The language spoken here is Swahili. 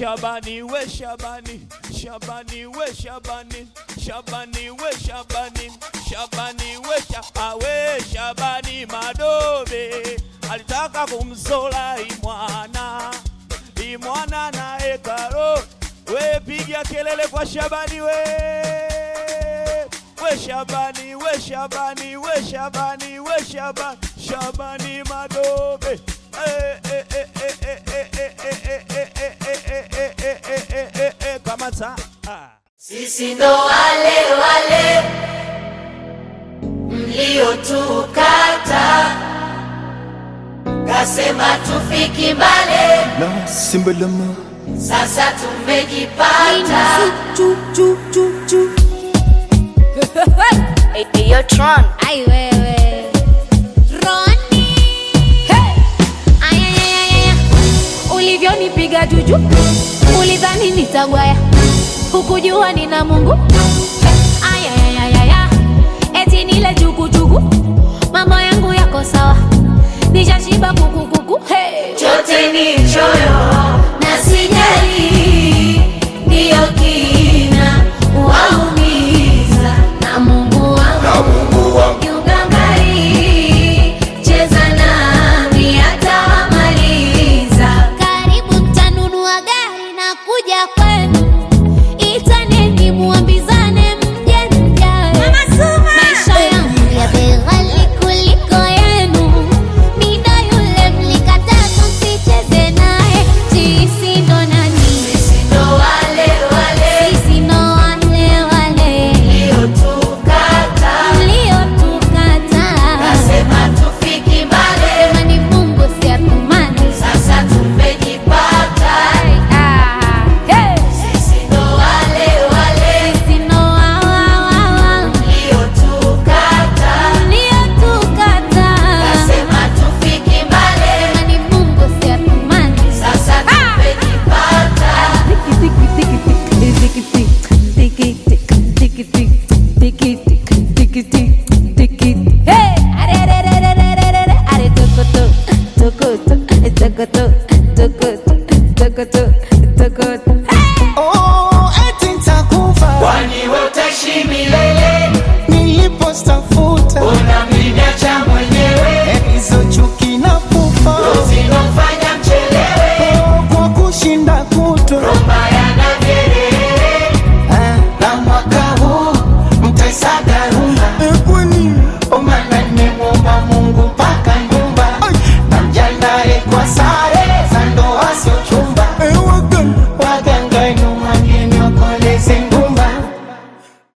Shabani we Shabani Shabani we Shabani Shabani we Shabani Shabani we Shabani, ah, we Shabani Madobe alitaka kumzola imwana imwana na ekaro we pigia kelele kwa Shabani we we Shabani we Shabani we Shabani we Shabani Shabani Madobe eh, eh, eh, eh, eh. Sisi ndo wale wale mliotukata, kasema tufiki mbale na simbalama, sasa tumejipata ulivyonipiga juju, ulidhani nitagwaya hukujua nina Mungu. Ayayayaya, chukuchuku, mambo yangu yako sawa, nishashiba kukukuku. Hey, chote ni choyo টিকি টিক টিকি টিক টিকি টিক টিকি হে আরে আরে আরে আরে আরে আরে আরে আরে তোকো তো তোকো তো তোকো তো তোকো তো তোকো তো তোকো তো